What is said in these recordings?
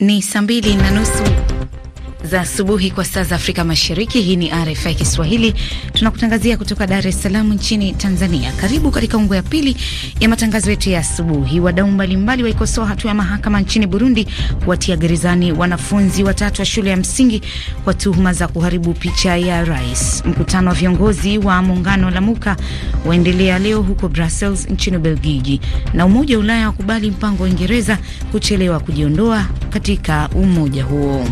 Ni saa mbili na nusu za asubuhi kwa saa za Afrika Mashariki. Hii ni RFI Kiswahili, tunakutangazia kutoka Dar es Salaam nchini Tanzania. Karibu katika ungo ya pili ya matangazo yetu ya asubuhi. Wadau mbalimbali waikosoa hatua ya mahakama nchini Burundi kuwatia gerezani wanafunzi watatu wa shule ya msingi kwa tuhuma za kuharibu picha ya rais. Mkutano wa viongozi wa muungano Lamuka waendelea leo huko Brussels nchini Ubelgiji, na Umoja wa Ulaya wakubali mpango wa Uingereza kuchelewa kujiondoa katika umoja huo.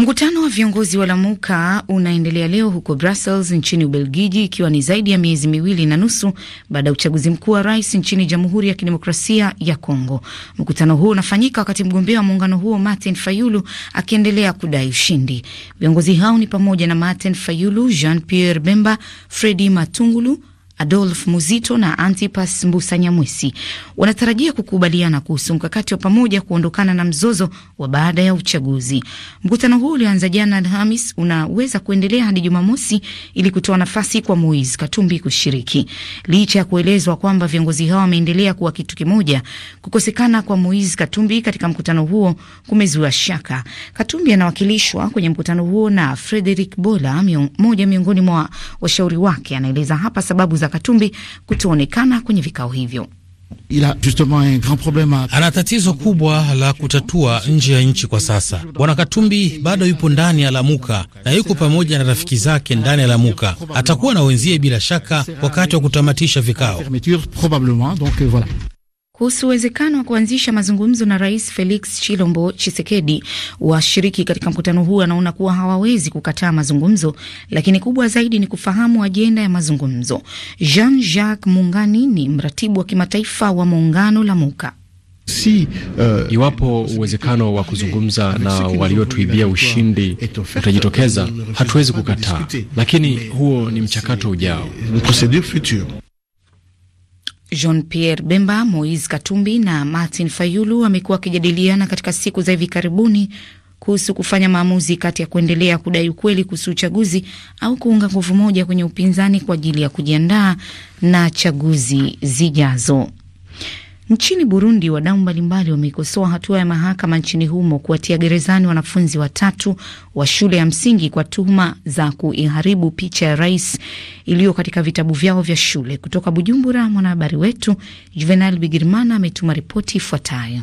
Mkutano wa viongozi wa Lamuka unaendelea leo huko Brussels nchini Ubelgiji, ikiwa ni zaidi ya miezi miwili na nusu baada ya uchaguzi mkuu wa rais nchini Jamhuri ya Kidemokrasia ya Kongo. Mkutano huo unafanyika wakati mgombea wa muungano huo Martin Fayulu akiendelea kudai ushindi. Viongozi hao ni pamoja na Martin Fayulu, Jean Pierre Bemba, Fredi Matungulu Adolf Muzito na Antipas Mbusanyamwisi wanatarajia kukubaliana kuhusu mkakati wa pamoja kuondokana na mzozo wa baada ya uchaguzi. Mkutano huu ulioanza jana Alhamis unaweza kuendelea hadi Jumamosi ili kutoa nafasi kwa Moise Katumbi kushiriki. Licha ya kuelezwa kwamba viongozi hao wameendelea kuwa kitu kimoja, kukosekana kwa Moise Katumbi katika mkutano huo kumezua shaka. Katumbi anawakilishwa kwenye mkutano huo na Frederick Bola, mmoja miongoni mwa washauri wake. Anaeleza hapa sababu za Katumbi kutoonekana kwenye vikao hivyo. Ana tatizo kubwa la kutatua nje ya nchi kwa sasa. Bwana Katumbi bado yupo ndani ya Lamuka na yuko pamoja na rafiki zake ndani ya Lamuka, atakuwa na wenzie bila shaka wakati wa kutamatisha vikao kuhusu uwezekano wa kuanzisha mazungumzo na Rais Felix Chilombo Chisekedi. Washiriki katika mkutano huu anaona kuwa hawawezi kukataa mazungumzo, lakini kubwa zaidi ni kufahamu ajenda ya mazungumzo. Jean Jacques Mungani ni mratibu wa kimataifa wa muungano la Muka. Si, uh, iwapo uwezekano wa kuzungumza na waliotuibia ushindi utajitokeza, hatuwezi kukataa, lakini huo ni mchakato ujao. Jean Pierre Bemba, Moise Katumbi na Martin Fayulu wamekuwa wakijadiliana katika siku za hivi karibuni kuhusu kufanya maamuzi kati ya kuendelea kudai ukweli kuhusu uchaguzi au kuunga nguvu moja kwenye upinzani kwa ajili ya kujiandaa na chaguzi zijazo. Nchini Burundi, wadau mbalimbali wameikosoa hatua ya mahakama nchini humo kuwatia gerezani wanafunzi watatu wa shule ya msingi kwa tuhuma za kuiharibu picha ya rais iliyo katika vitabu vyao vya shule. Kutoka Bujumbura, mwanahabari wetu Juvenal Bigirimana ametuma ripoti ifuatayo.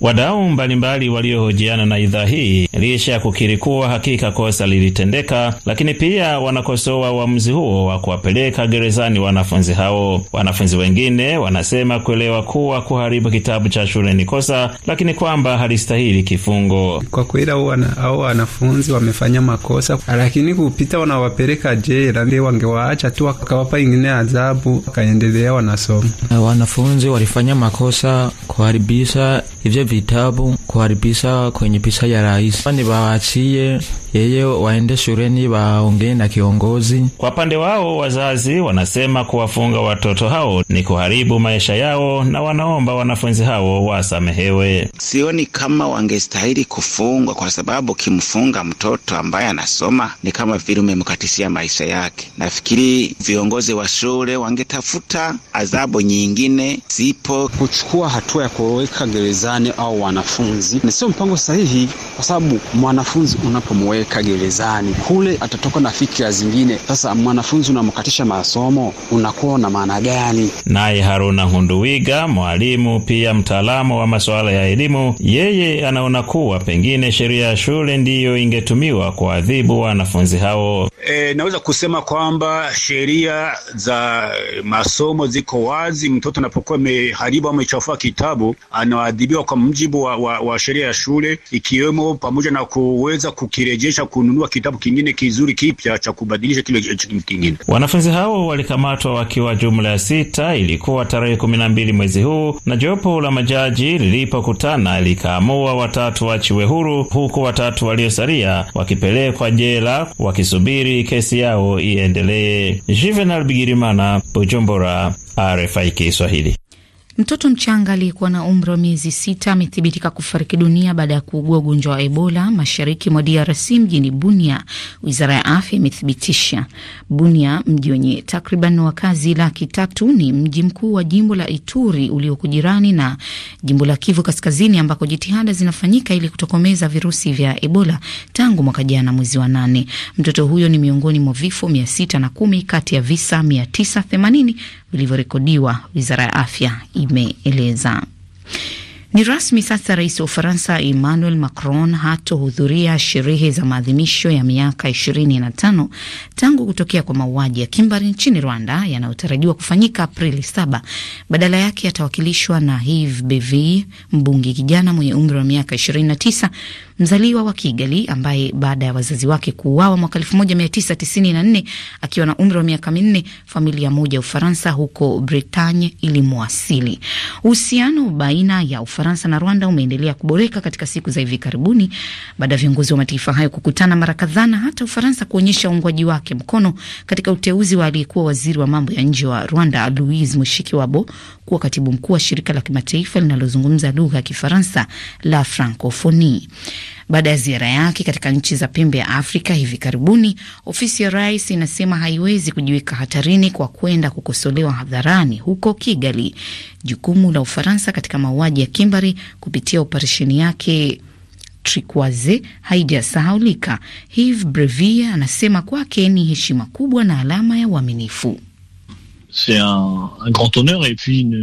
Wadau mbalimbali waliohojiana na idhaa hii licha ya kukiri kuwa hakika kosa lilitendeka, lakini pia wanakosoa uamuzi huo wa kuwapeleka gerezani wanafunzi hao. Wanafunzi wengine wanasema kuelewa kuwa kuharibu kitabu cha shule ni kosa, lakini kwamba halistahili kifungo. Kwa kweli hao wanafunzi wamefanya makosa, lakini kupita wanawapeleka jela, ndio wangewaacha tu wakawapa ingine adhabu, wakaendelea wanasoma. Wanafunzi walifanya makosa kuharibisha hivyo vitabu kuharibisa kwenye pisa ya rais, ni bawachie yeye waende shuleni waongee na kiongozi. Kwa pande wao, wazazi wanasema kuwafunga watoto hao ni kuharibu maisha yao, na wanaomba wanafunzi hao wasamehewe. Sioni kama wangestahili kufungwa, kwa sababu kimfunga mtoto ambaye anasoma ni kama vile umemkatishia maisha yake. Nafikiri viongozi wa shule wangetafuta adhabu nyingine, zipo kuchukua hatua ya kuweka gerezani au wanafunzi, na sio mpango sahihi, kwa sababu mwanafunzi unapomweka kumweka gerezani kule, atatoka na fikira zingine. Sasa mwanafunzi unamkatisha masomo, unakuwa na maana gani? Naye Haruna Hunduwiga, mwalimu pia mtaalamu wa masuala ya elimu, yeye anaona kuwa pengine sheria ya shule ndiyo ingetumiwa kuadhibu wanafunzi hao. E, naweza kusema kwamba sheria za masomo ziko wazi. Mtoto anapokuwa ameharibu au amechafua kitabu anaadhibiwa kwa mujibu wa, wa, wa sheria ya shule ikiwemo pamoja na kuweza kukirejesha kubadilisha kununua kitabu kingine kizuri kipya cha kubadilisha kile kingine. Wanafunzi hao walikamatwa wakiwa jumla ya sita. Ilikuwa tarehe kumi na mbili mwezi huu, na jopo la majaji lilipokutana likaamua watatu wachiwe huru, huku watatu waliosalia wakipelekwa jela wakisubiri kesi yao iendelee. Juvenal Bigirimana, Bujumbura, RFI Kiswahili. Mtoto mchanga aliyekuwa na umri wa miezi sita amethibitika kufariki dunia baada ya kuugua ugonjwa wa Ebola mashariki mwa DRC mjini Bunia, wizara ya afya imethibitisha. Bunia, mji wenye takriban wakazi laki tatu, ni mji mkuu wa jimbo la Ituri ulioko jirani na jimbo la Kivu Kaskazini, ambako jitihada zinafanyika ili kutokomeza virusi vya Ebola tangu mwaka jana mwezi wa nane. Mtoto huyo ni miongoni mwa vifo mia sita na kumi kati ya visa mia tisa themanini vilivyorekodiwa, wizara ya afya imeeleza. Ni rasmi sasa, rais wa Ufaransa Emmanuel Macron hatohudhuria sherehe za maadhimisho ya miaka 25 tangu kutokea kwa mauaji ya kimbari nchini Rwanda yanayotarajiwa kufanyika Aprili 7. Badala yake atawakilishwa na Yves Bevy, mbunge kijana mwenye umri wa miaka 29 mzaliwa wa Kigali ambaye baada ya wazazi wake kuuawa mwaka 1994 akiwa na umri wa miaka minne, familia moja ya Ufaransa huko Bretagne ilimwasili. Uhusiano baina ya Ufaransa na Rwanda umeendelea kuboreka katika siku za hivi karibuni baada ya viongozi wa mataifa hayo kukutana mara kadhaa na hata Ufaransa kuonyesha uungwaji wake mkono katika uteuzi wa aliyekuwa waziri wa mambo ya nje wa Rwanda Louise Mushikiwabo kuwa katibu mkuu wa shirika la kimataifa linalozungumza lugha ya Kifaransa la Francophonie. Baada ya ziara yake katika nchi za pembe ya Afrika hivi karibuni, ofisi ya rais inasema haiwezi kujiweka hatarini kwa kwenda kukosolewa hadharani huko Kigali. Jukumu la Ufaransa katika mauaji ya kimbari kupitia operesheni yake Turquoise haijasahaulika. Hiv brevie anasema kwake ni heshima kubwa na alama ya uaminifu. Un, un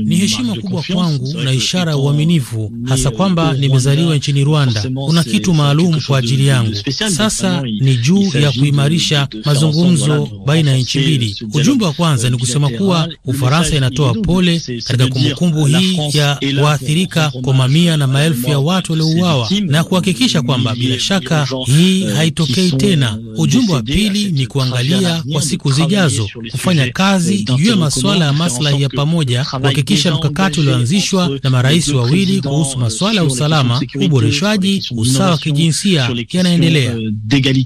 ni heshima kubwa kwangu na ishara ya uaminifu, hasa kwamba nimezaliwa nchini Rwanda. Kuna kitu maalum kwa ajili yangu. Sasa ni juu ya kuimarisha mazungumzo baina ya nchi mbili. Ujumbe wa kwanza ni euh, kusema kuwa Ufaransa inatoa pole katika kumbukumbu hii ya waathirika kwa mamia na maelfu ya watu waliouawa na kuhakikisha kwamba bila shaka hii euh, haitokei tena. Euh, Ujumbe wa pili ni kuangalia kwa siku zijazo, kufanya kazi masuala ya maslahi ya pamoja, kuhakikisha mkakati ulioanzishwa na marais wawili kuhusu masuala ya usalama, uboreshwaji usawa wa kijinsia yanaendelea. Euh,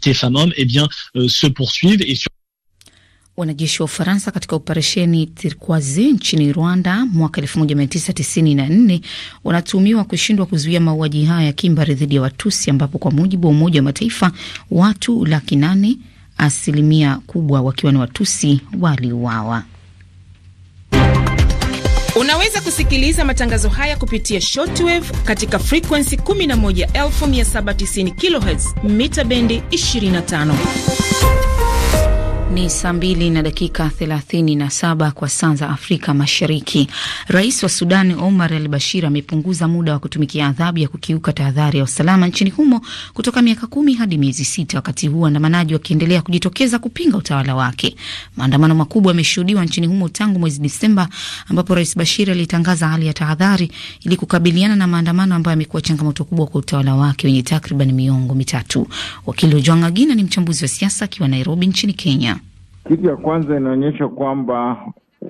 eh euh, Wanajeshi wa Ufaransa katika operesheni Turquoise nchini Rwanda mwaka 1994 wanatuhumiwa kushindwa kuzuia mauaji haya ya kimbari dhidi ya Watusi, ambapo kwa mujibu wa Umoja wa Mataifa watu laki nane asilimia kubwa wakiwa ni Watusi waliuawa. Unaweza kusikiliza matangazo haya kupitia shortwave katika frekuensi 11790 kHz mita bendi 25. Ni saa mbili na dakika 37 kwa saa za Afrika Mashariki. Rais wa Sudan Omar al Bashir amepunguza muda wa kutumikia adhabu ya kukiuka tahadhari ya usalama nchini humo kutoka miaka kumi hadi miezi sita, wakati huu waandamanaji wakiendelea kujitokeza kupinga utawala wake. Maandamano makubwa yameshuhudiwa nchini humo tangu mwezi Disemba, ambapo Rais Bashir alitangaza hali ya tahadhari ili kukabiliana na maandamano ambayo yamekuwa changamoto kubwa kwa utawala wake wenye takriban miongo mitatu. Wakili Ojwang'agina ni mchambuzi wa siasa akiwa Nairobi nchini Kenya. Kitu ya kwanza inaonyesha kwamba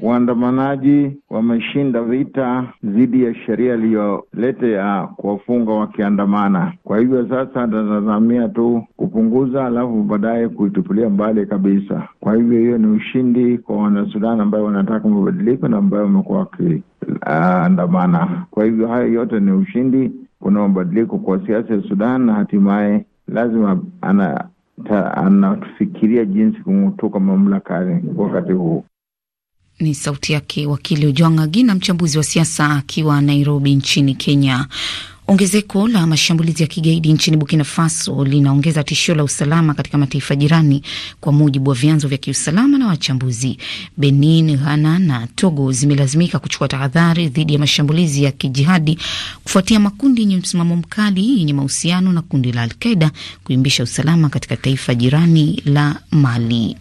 waandamanaji wameshinda vita dhidi ya sheria iliyoleta ya kuwafunga wakiandamana. Kwa hivyo sasa tatazamia tu kupunguza, alafu baadaye kuitupilia mbali kabisa. Kwa hivyo hiyo ni ushindi kwa wanasudani ambayo wanataka mabadiliko na ambayo wamekuwa wakiandamana. Kwa hivyo hayo yote ni ushindi, kuna mabadiliko kwa siasa ya Sudan na hatimaye lazima ana anafikiria jinsi kumutoka mamlakani wakati huu. Ni sauti yake wakili Ojwang' Agina, mchambuzi wa siasa akiwa Nairobi nchini Kenya. Ongezeko la mashambulizi ya kigaidi nchini Burkina Faso linaongeza tishio la usalama katika mataifa jirani, kwa mujibu wa vyanzo vya kiusalama na wachambuzi. Benin, Ghana na Togo zimelazimika kuchukua tahadhari dhidi ya mashambulizi ya kijihadi kufuatia makundi yenye msimamo mkali yenye mahusiano na kundi la Alqaida kuimbisha usalama katika taifa jirani la Mali.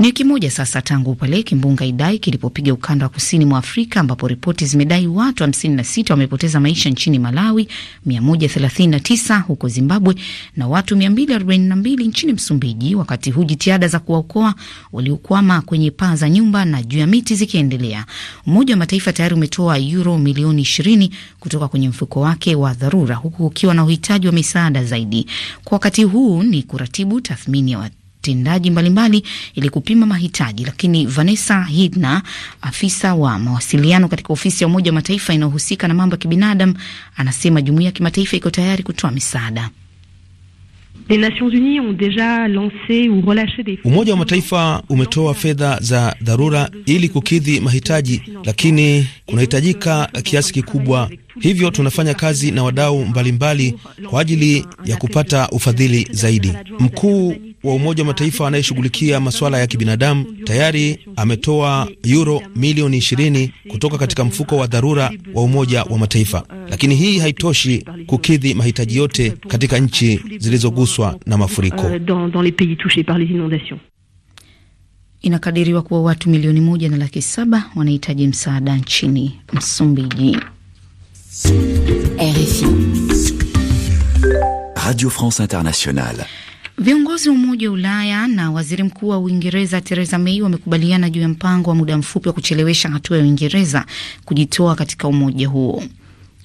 Ni wiki moja sasa tangu pale kimbunga Idai kilipopiga ukanda wa kusini mwa Afrika, ambapo ripoti zimedai watu 56 wamepoteza maisha nchini Malawi, 139 huko Zimbabwe na watu 242 nchini Msumbiji, wakati huu jitihada za kuwaokoa waliokwama kwenye paa za nyumba na juu ya miti zikiendelea. Umoja wa Mataifa tayari umetoa euro milioni 20 kutoka kwenye mfuko wake wa dharura, huku ukiwa na uhitaji wa misaada zaidi. Kwa wakati huu ni kuratibu tathmini ya tendaji mbalimbali ili kupima mahitaji. Lakini Vanessa Hidna, afisa wa mawasiliano katika ofisi ya Umoja wa Mataifa inayohusika na mambo ya kibinadamu, anasema jumuiya ya kimataifa iko tayari kutoa misaada. Umoja wa Mataifa umetoa fedha za dharura ili kukidhi mahitaji, lakini kunahitajika kiasi kikubwa, hivyo tunafanya kazi na wadau mbalimbali kwa ajili ya kupata ufadhili zaidi. Mkuu wa Umoja wa Mataifa anayeshughulikia masuala ya kibinadamu tayari ametoa yuro milioni 20 kutoka katika mfuko wa dharura wa Umoja wa Mataifa, lakini hii haitoshi kukidhi mahitaji yote katika nchi zilizoguswa na mafuriko. Euh, Inakadiriwa kuwa watu milioni moja na laki saba wanahitaji msaada nchini Msumbiji. RFI Radio France Internationale. Viongozi wa Umoja wa Ulaya na waziri mkuu wa Uingereza Theresa May wamekubaliana juu ya mpango wa muda mfupi wa kuchelewesha hatua ya Uingereza kujitoa katika umoja huo.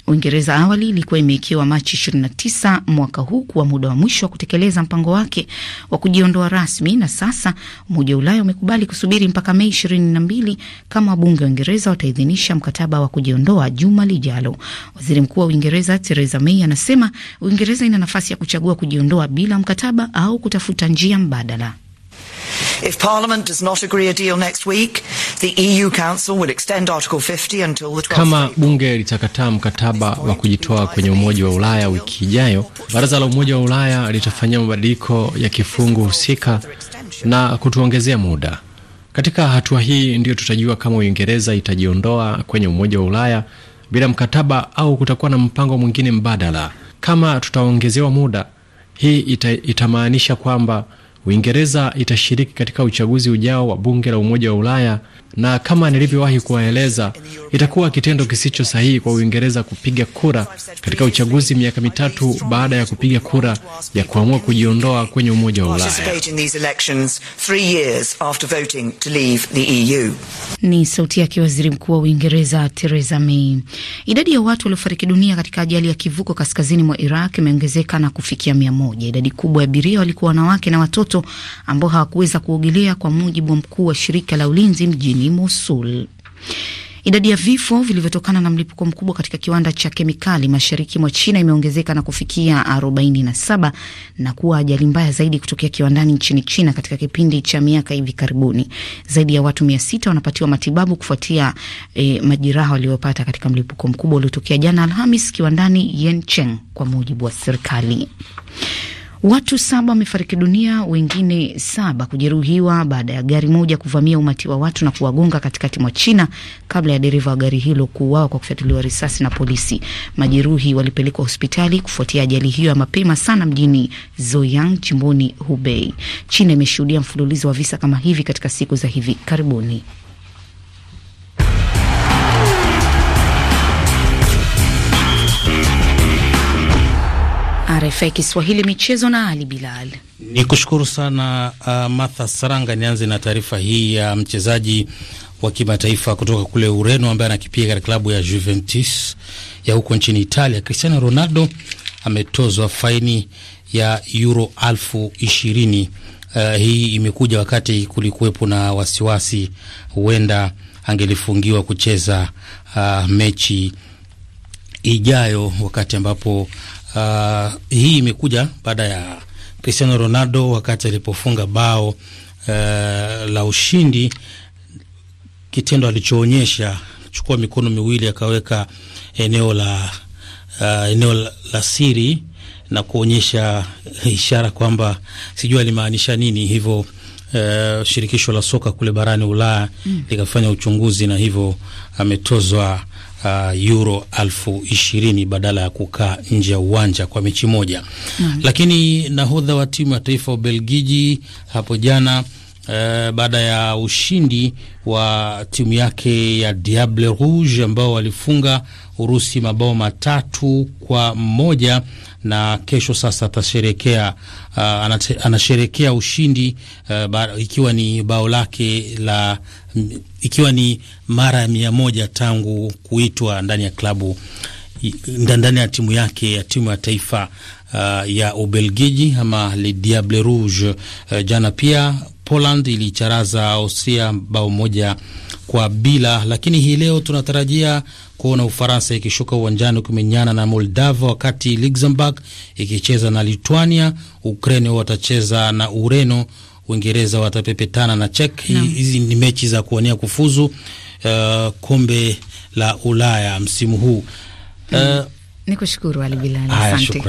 Uingereza awali ilikuwa imewekewa Machi 29 mwaka huu kuwa muda wa mwisho wa kutekeleza mpango wake wa kujiondoa rasmi, na sasa Umoja wa Ulaya umekubali kusubiri mpaka Mei 22 kama wabunge wa Uingereza wataidhinisha mkataba wa kujiondoa juma lijalo. Waziri Mkuu wa Uingereza Theresa May anasema Uingereza ina nafasi ya kuchagua kujiondoa bila mkataba au kutafuta njia mbadala. If Parliament does not agree a deal next week, The EU Council will extend Article 50 until the 12th. Kama bunge litakataa mkataba wa kujitoa kwenye Umoja wa Ulaya wiki ijayo, baraza la Umoja wa Ulaya litafanyia mabadiliko ya kifungu husika na kutuongezea muda. Katika hatua hii ndiyo tutajua kama Uingereza itajiondoa kwenye Umoja wa Ulaya bila mkataba au kutakuwa na mpango mwingine mbadala. Kama tutaongezewa muda, hii ita, itamaanisha kwamba Uingereza itashiriki katika uchaguzi ujao wa bunge la Umoja wa Ulaya na kama nilivyowahi kuwaeleza, itakuwa kitendo kisicho sahihi kwa Uingereza kupiga kura katika uchaguzi miaka mitatu baada ya kupiga kura ya kuamua kujiondoa kwenye Umoja wa Ulaya. E Ni sauti yake Waziri Mkuu wa Uingereza Theresa May. Idadi ya watu waliofariki dunia katika ajali ya kivuko kaskazini mwa Iraq imeongezeka na kufikia mia moja. Idadi kubwa ya abiria walikuwa wanawake na watoto ambao hawakuweza kuogelea, kwa mujibu wa mkuu wa shirika la ulinzi mjini Mosul. Idadi ya vifo vilivyotokana na mlipuko mkubwa katika kiwanda cha kemikali mashariki mwa China imeongezeka na kufikia 47 na kuwa ajali mbaya zaidi kutokea kiwandani nchini China katika kipindi cha miaka hivi karibuni. Zaidi ya watu 600 wanapatiwa matibabu kufuatia eh, majeraha waliopata katika mlipuko mkubwa uliotokea jana Alhamis kiwandani Yancheng, kwa mujibu wa serikali. Watu saba wamefariki dunia, wengine saba kujeruhiwa baada ya gari moja kuvamia umati wa watu na kuwagonga katikati mwa China kabla ya dereva wa gari hilo kuuawa kwa kufyatuliwa risasi na polisi. Majeruhi walipelekwa hospitali kufuatia ajali hiyo ya mapema sana mjini Zoyang, jimboni Hubei. China imeshuhudia mfululizo wa visa kama hivi katika siku za hivi karibuni. RFI Kiswahili michezo na Ali Bilal. Ni kushukuru sana uh, Martha Saranga. Nianze na taarifa hii ya uh, mchezaji wa kimataifa kutoka kule Ureno ambaye anakipiga katika klabu ya Juventus ya huko nchini Italia, Cristiano Ronaldo ametozwa faini ya euro elfu ishirini. Uh, hii imekuja wakati kulikuwepo na wasiwasi huenda angelifungiwa kucheza uh, mechi ijayo wakati ambapo Uh, hii imekuja baada ya Cristiano Ronaldo wakati alipofunga bao uh, la ushindi, kitendo alichoonyesha chukua mikono miwili akaweka eneo la uh, eneo la, la siri na kuonyesha ishara kwamba sijui alimaanisha nini hivyo. Uh, shirikisho la soka kule barani Ulaya mm, likafanya uchunguzi na hivyo ametozwa uh, euro elfu ishirini badala ya kukaa nje ya uwanja kwa mechi moja mm. Lakini nahodha wa timu ya taifa Ubelgiji hapo jana Eh, baada ya ushindi wa timu yake ya Diable Rouge ambao walifunga Urusi mabao matatu kwa mmoja na kesho sasa atasherekea uh, anasherekea ushindi uh, ba, ikiwa ni bao lake la ikiwa ni mara ya mia moja tangu kuitwa ndani ya klabu ndani ya timu yake ya timu ya taifa uh, ya Ubelgiji ama Le Diable Rouge uh, jana pia Poland ilicharaza Austria bao moja kwa bila, lakini hii leo tunatarajia kuona Ufaransa ikishuka uwanjani kumenyana na Moldava, wakati Luxembourg ikicheza na Lithuania, Ukraine watacheza na Ureno, Uingereza watapepetana na Czech. Hizi ni mechi za kuwania kufuzu uh, kombe la Ulaya msimu huu uh, nikushukuru Ali Bilali, asante.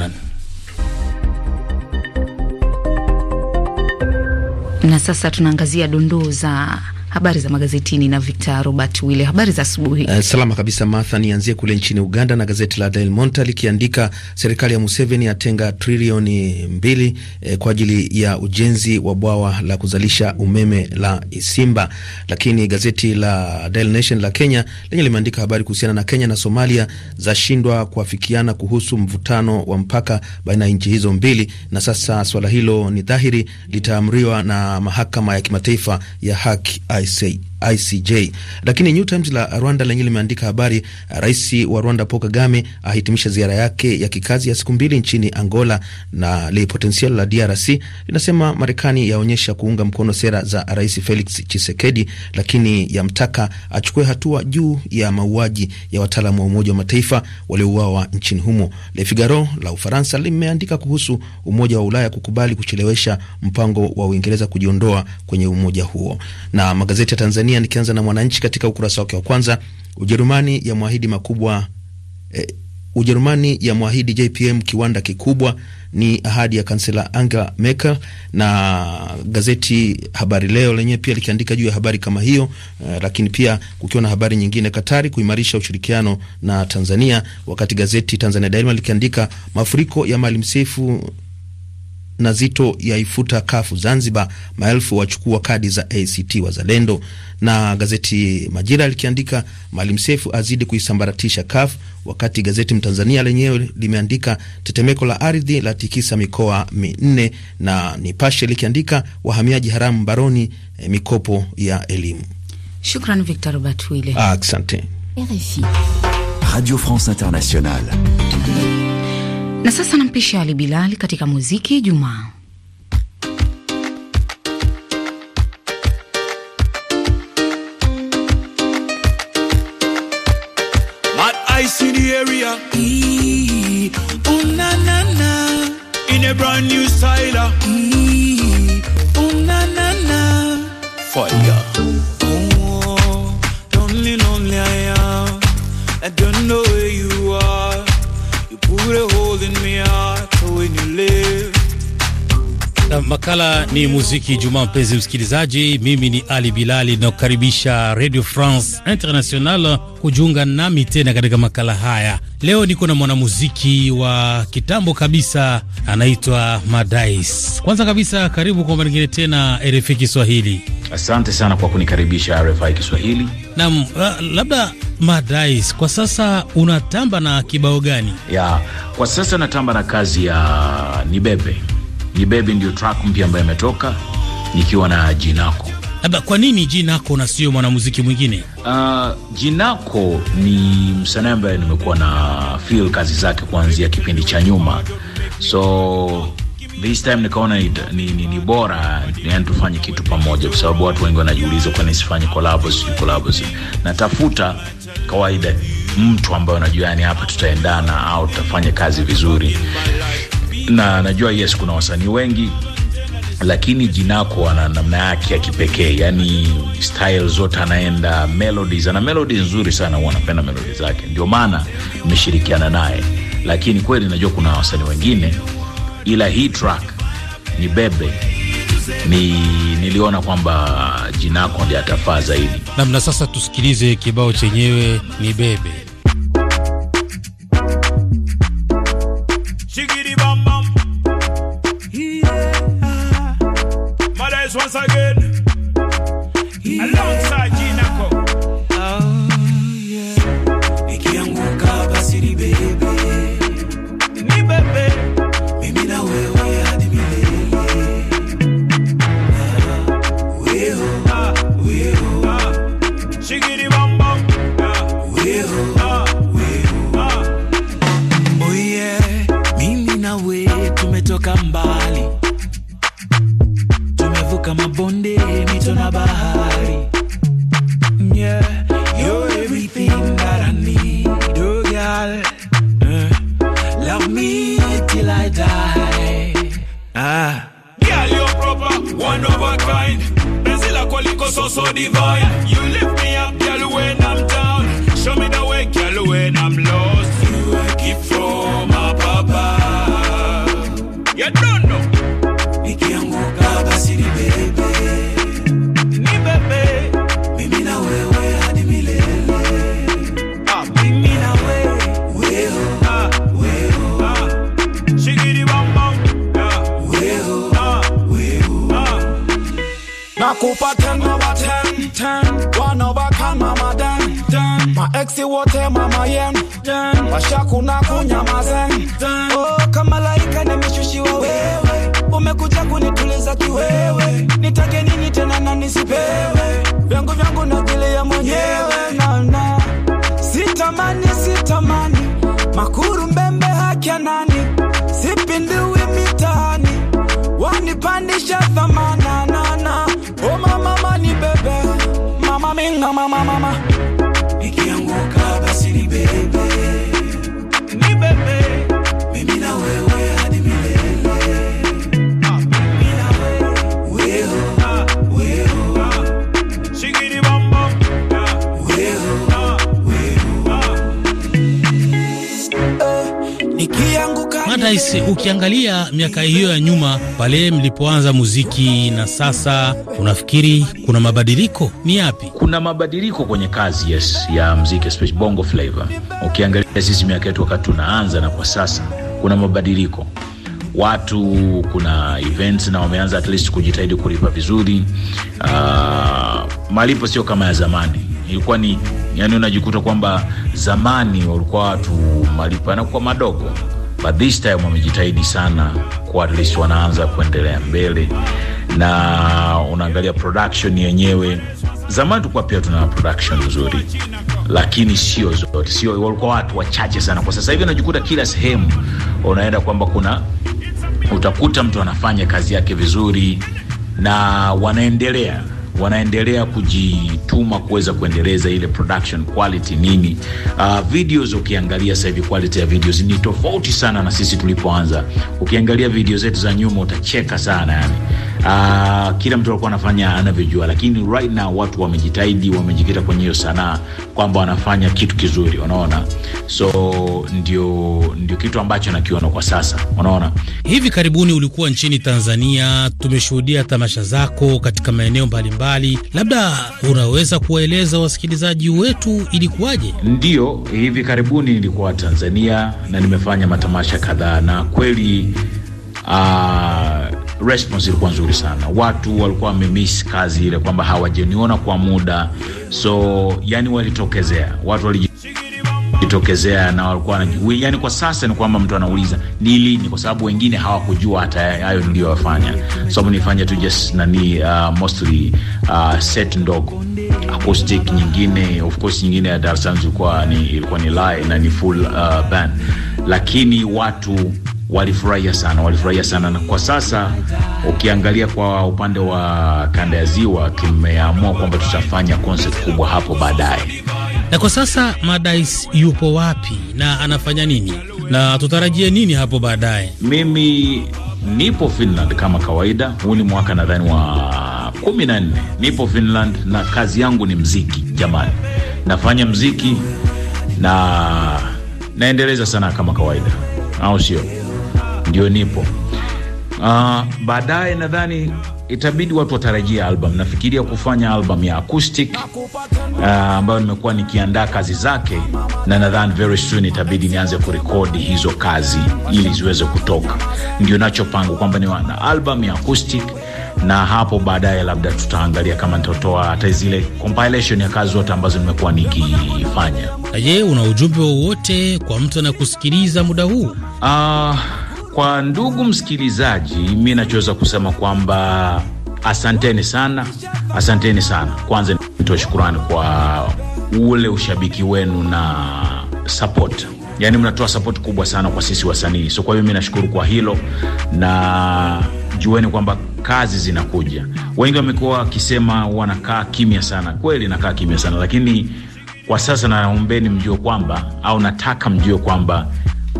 Na sasa tunaangazia dondoo za Habari za magazetini na Victor Robert Wile. Habari za asubuhi. Uh, salama kabisa Martha, nianzie kule nchini Uganda na gazeti la Daily Monitor likiandika serikali ya Museveni yatenga trilioni mbili eh, kwa ajili ya ujenzi wa bwawa la kuzalisha umeme la Isimba. Lakini gazeti la Daily Nation la Kenya lenye limeandika habari kuhusiana na Kenya na Somalia zashindwa kuafikiana kuhusu mvutano wa mpaka baina ya nchi hizo mbili, na sasa swala hilo ni dhahiri litaamriwa na mahakama ya kimataifa ya haki I say. ICJ. Lakini New Times la Rwanda lenye limeandika habari, rais wa Rwanda Paul Kagame ahitimisha ziara yake ya kikazi ya siku mbili nchini Angola, na Le Potentiel la DRC linasema Marekani yaonyesha kuunga mkono sera za Rais Felix Chisekedi, lakini yamtaka achukue hatua juu ya mauaji ya wataalamu wa Umoja wa Mataifa waliouawa nchini humo. Le Figaro la Ufaransa limeandika kuhusu Umoja wa Ulaya kukubali kuchelewesha mpango wa Uingereza kujiondoa kwenye umoja huo, na magazeti ya Tanzania Tanzania, nikianza na Mwananchi katika ukurasa wake wa kwanza, Ujerumani ya mwahidi makubwa eh, Ujerumani ya mwahidi JPM kiwanda kikubwa, ni ahadi ya kansela Angela Merkel. Na gazeti Habari Leo lenyewe pia likiandika juu ya habari kama hiyo eh, lakini pia kukiwa na habari nyingine, Katari kuimarisha ushirikiano na Tanzania, wakati gazeti Tanzania Daima likiandika mafuriko ya Maalim Seif na Zito yaifuta kafu Zanzibar, maelfu wachukua kadi za ACT Wazalendo. Na gazeti Majira likiandika Maalim Seif azidi kuisambaratisha kafu, wakati gazeti Mtanzania lenyewe limeandika tetemeko la ardhi la tikisa mikoa minne, na Nipashe likiandika wahamiaji haramu baroni, eh, mikopo ya elimu. Shukran Victor Batwile. Ah, asante. RFI Radio France Internationale. Na sasa nampisha Ali Bilali katika muziki Ijumaa. Ee, um, uh. ee, um, oh, oh, don't know where you put a hole in me heart when you Makala ni muziki Jumaa. Mpenzi msikilizaji, mimi ni Ali Bilali inaokaribisha Radio France International kujiunga nami tena katika makala haya. Leo niko na mwanamuziki wa kitambo kabisa, anaitwa Madais. Kwanza kabisa, karibu kwa mara nyingine tena RFI Kiswahili. Asante sana kwa kunikaribisha RFI Kiswahili. Naam, labda Madais, kwa sasa unatamba na kibao gani? Ya, kwa sasa natamba na kazi ya Nibebe ni bebi ndio track mpya ambayo imetoka nikiwa na Jinako. Labda kwa nini Jinako na sio mwanamuziki mwingine? Uh, Jinako ni msanii ambaye nimekuwa na feel kazi zake kuanzia kipindi cha nyuma, so this time nikaona ni, ni, ni, ni bora yani tufanye kitu pamoja, kwa sababu watu wengi wanajiuliza kwani sifanye collabos Natafuta kawaida mtu ambaye unajua yani hapa tutaendana au tutafanya kazi vizuri na najua yes, kuna wasanii wengi lakini Jinako ana namna yake ya kipekee, yani style zote anaenda, melodies ana melodies nzuri sana, huwa anapenda melodies zake, ndio maana nimeshirikiana naye. Lakini kweli najua kuna wasanii wengine, ila hii track ni bebe ni niliona kwamba Jinako ndiye atafaa zaidi namna. Sasa tusikilize kibao chenyewe, ni bebe guys once again. ten, mama ten, ten. One over can, mama den, den. Maeksi wote mama yen, den. Washakuna kunyamazen, den. Oh, kama laika nimeshushiwa wewe, umekuja kunituliza kiwewe. Nitake nini tena na nisipewe? Vyangu vyangu na vile mwenyewe, na na. Sitamani, sitamani, makuru mbembe haki ya nani? Sipindiwi mitaani, wanipandisha thamana, na na. Oh, mama minga mama mama nikianguka basi ni bebe ni bebe mimi na wewe Paradise, ukiangalia miaka hiyo ya nyuma pale mlipoanza muziki na sasa, unafikiri kuna mabadiliko ni yapi? Kuna mabadiliko kwenye kazi yes, ya muziki especially bongo flavor. Ukiangalia sisi miaka yetu wakati tunaanza na kwa sasa, kuna mabadiliko watu kuna events na wameanza at least kujitahidi kulipa vizuri. Uh, malipo sio kama ya zamani, ilikuwa ni yani, unajikuta kwamba zamani walikuwa watu malipo yanakuwa madogo but this time wamejitahidi sana kwa at least wanaanza kuendelea mbele, na unaangalia production yenyewe. Zamani tulikuwa pia tuna production nzuri, lakini sio zote, sio walikuwa watu wachache sana. Kwa sasa hivi unajikuta kila sehemu unaenda kwamba kuna utakuta mtu anafanya kazi yake vizuri na wanaendelea wanaendelea kujituma kuweza kuendeleza ile production quality nini. Uh, videos ukiangalia sasa hivi quality ya videos ni tofauti sana na sisi tulipoanza. Ukiangalia video zetu za nyuma utacheka sana yani uh, kila mtu alikuwa anafanya anavyojua, lakini right now watu wamejitahidi, wamejikita kwenye hiyo sanaa kwamba wanafanya kitu kizuri, unaona. So ndio, ndio kitu ambacho nakiona kwa sasa, unaona. Hivi karibuni ulikuwa nchini Tanzania, tumeshuhudia tamasha zako katika maeneo mbalimbali, labda unaweza kuwaeleza wasikilizaji wetu ilikuwaje? ndio hivi karibuni nilikuwa Tanzania na nimefanya matamasha kadhaa na kweli uh, response ilikuwa nzuri sana. Watu walikuwa wamemiss kazi ile, kwamba hawajaniona kwa muda, so yani walitokezea, watu wali walijitokezea na walikuwa yani, kwa sasa ni kwamba mtu anauliza ni lini, kwa sababu wengine hawakujua hata hayo niliyoyafanya, So nifanya tu just nani, uh, mostly uh, set ndogo acoustic nyingine, of course nyingine ya Dar es Salaam ilikuwa ni, ilikuwa ni live na ni full uh, band, lakini watu walifurahia sana, walifurahia sana, na kwa sasa ukiangalia kwa upande wa kanda ya Ziwa tumeamua kwamba tutafanya concert kubwa hapo baadaye. Na kwa sasa Madais yupo wapi na anafanya nini na tutarajie nini hapo baadaye? Mimi nipo Finland kama kawaida, huu ni mwaka nadhani wa kumi na nne nipo Finland na kazi yangu ni mziki. Jamani, nafanya mziki na naendeleza sana kama kawaida, au sio? ndio nipo. Uh, baadaye nadhani itabidi watu watarajia album. Nafikiria kufanya album ya acoustic uh, ambayo nimekuwa nikiandaa kazi zake, na nadhani very soon itabidi nianze kurekodi hizo kazi ili ziweze kutoka. Ndio nachopanga kwamba ni wana album ya acoustic, na hapo baadaye labda tutaangalia kama nitatoa hata zile compilation ya kazi zote ambazo nimekuwa nikifanya. Je, una ujumbe wowote kwa mtu anakusikiliza muda huu? uh, kwa ndugu msikilizaji, mi nachoweza kusema kwamba asanteni sana, asanteni sana. Kwanza nitoa shukurani kwa ule ushabiki wenu na support yaani mnatoa sapoti kubwa sana kwa sisi wasanii. So kwa hiyo mi nashukuru kwa hilo, na jueni kwamba kazi zinakuja. Wengi wamekuwa wakisema wanakaa kimya sana, kweli nakaa kimya sana, lakini kwa sasa naombeni mjue kwamba au nataka mjue kwamba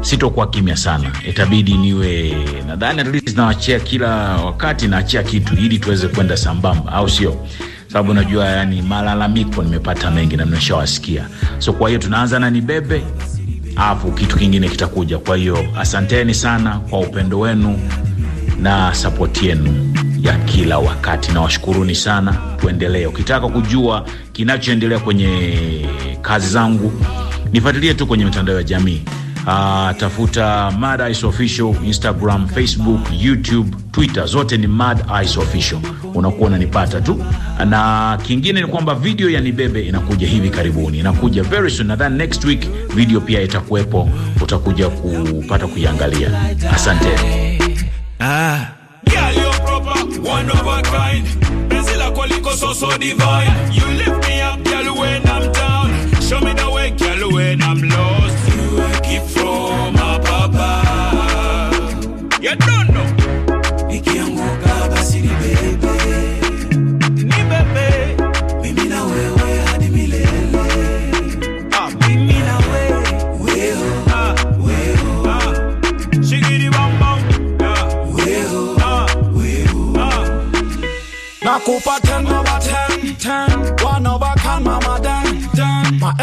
sitokuwa kimya sana, itabidi niwe nadhani at least naachia kila wakati naachia kitu ili tuweze kwenda sambamba, au sio? Sababu najua yani malalamiko nimepata mengi na nimeshawasikia, so kwa hiyo tunaanza na nibebe, alafu kitu kingine kitakuja. Kwa hiyo asanteni sana kwa upendo wenu na sapoti yenu ya kila wakati, nawashukuruni sana. Tuendelee. Ukitaka kujua kinachoendelea kwenye kazi zangu nifuatilie tu kwenye mitandao ya jamii. Uh, tafuta Mad Ice Official Instagram, Facebook, YouTube, Twitter, zote ni Mad Ice Official, unakuwa unanipata tu. Na kingine ni kwamba video ya Nibebe inakuja hivi karibuni, inakuja very soon, nadhani next week video pia itakuwepo, utakuja kupata kuiangalia. Asante ah. yeah, gift from my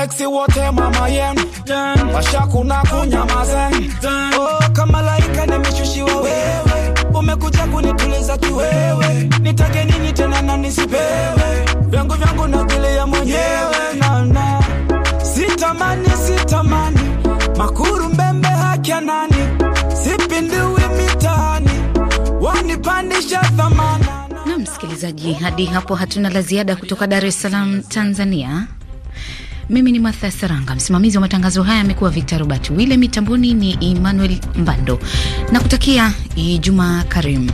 sexy wote mama yen Masha kuna kunyamazen oh, kama laika nimeshushiwa wewe umekuja kunituliza kiwewe nitake nini tena na nisipewe vyangu vyangu na kile ya mwenyewe nana sitamani sitamani makuru mbembe haki ya nani sipindiwi mitaani wanipandisha thamana na msikilizaji hadi hapo hatuna la ziada kutoka dar es salaam tanzania mimi ni Martha Saranga, msimamizi wa matangazo haya amekuwa Victor Robert Wile, mitamboni ni Emmanuel Mbando na kutakia Ijumaa karimu.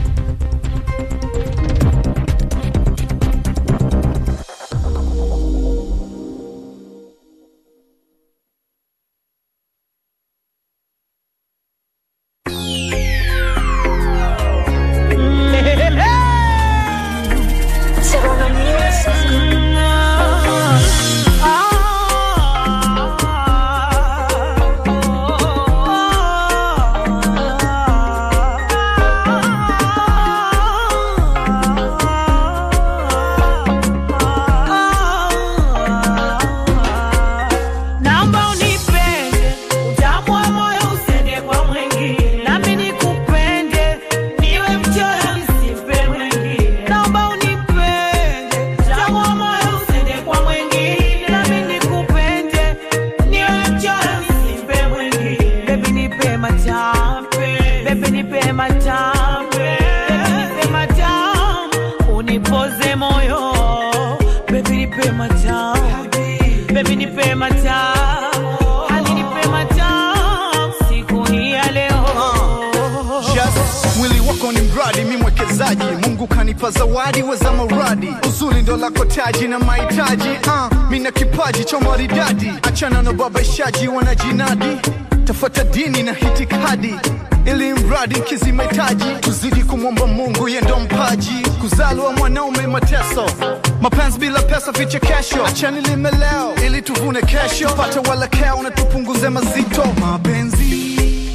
mchezaji, Mungu kanipa zawadi weza maradi uzuri ndo lako taji na mahitaji uh, na kipaji cha maridadi, achana na babaishaji wanajinadi, tafuta dini na hitikadi ili mradi nkizi mahitaji, tuzidi kumwomba Mungu yendo mpaji, kuzalwa mwanaume mateso, mapenzi bila pesa, kesho achani limeleo ili tuvune kesho, pata walakeo na tupunguze mazito. Mapenzi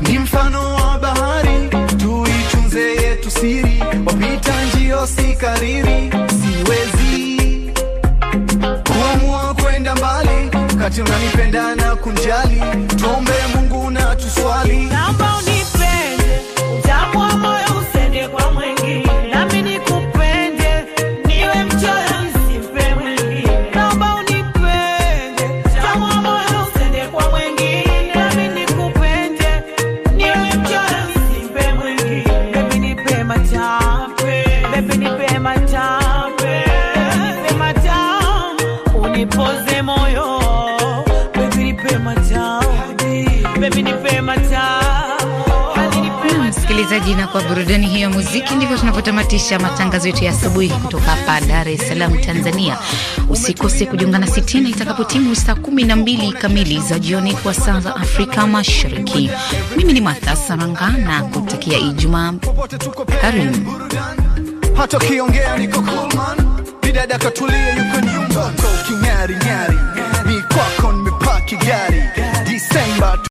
ni mfano wa bahari, tuichunze siri, wapita njio si kariri, siwezi kuamua kwenda mbali, kati unanipenda na kunjali, tuombe Mungu na tuswali. hiki ndivyo tunavyotamatisha matangazo yetu ya asubuhi kutoka hapa Dar es Salaam, Tanzania. Usikose kujiunga sitina itakapo itakapotimu saa 12 kamili za jioni kwa saa za Afrika Mashariki. Mimi ni Martha Saranga na kutakia Ijumaa karimu.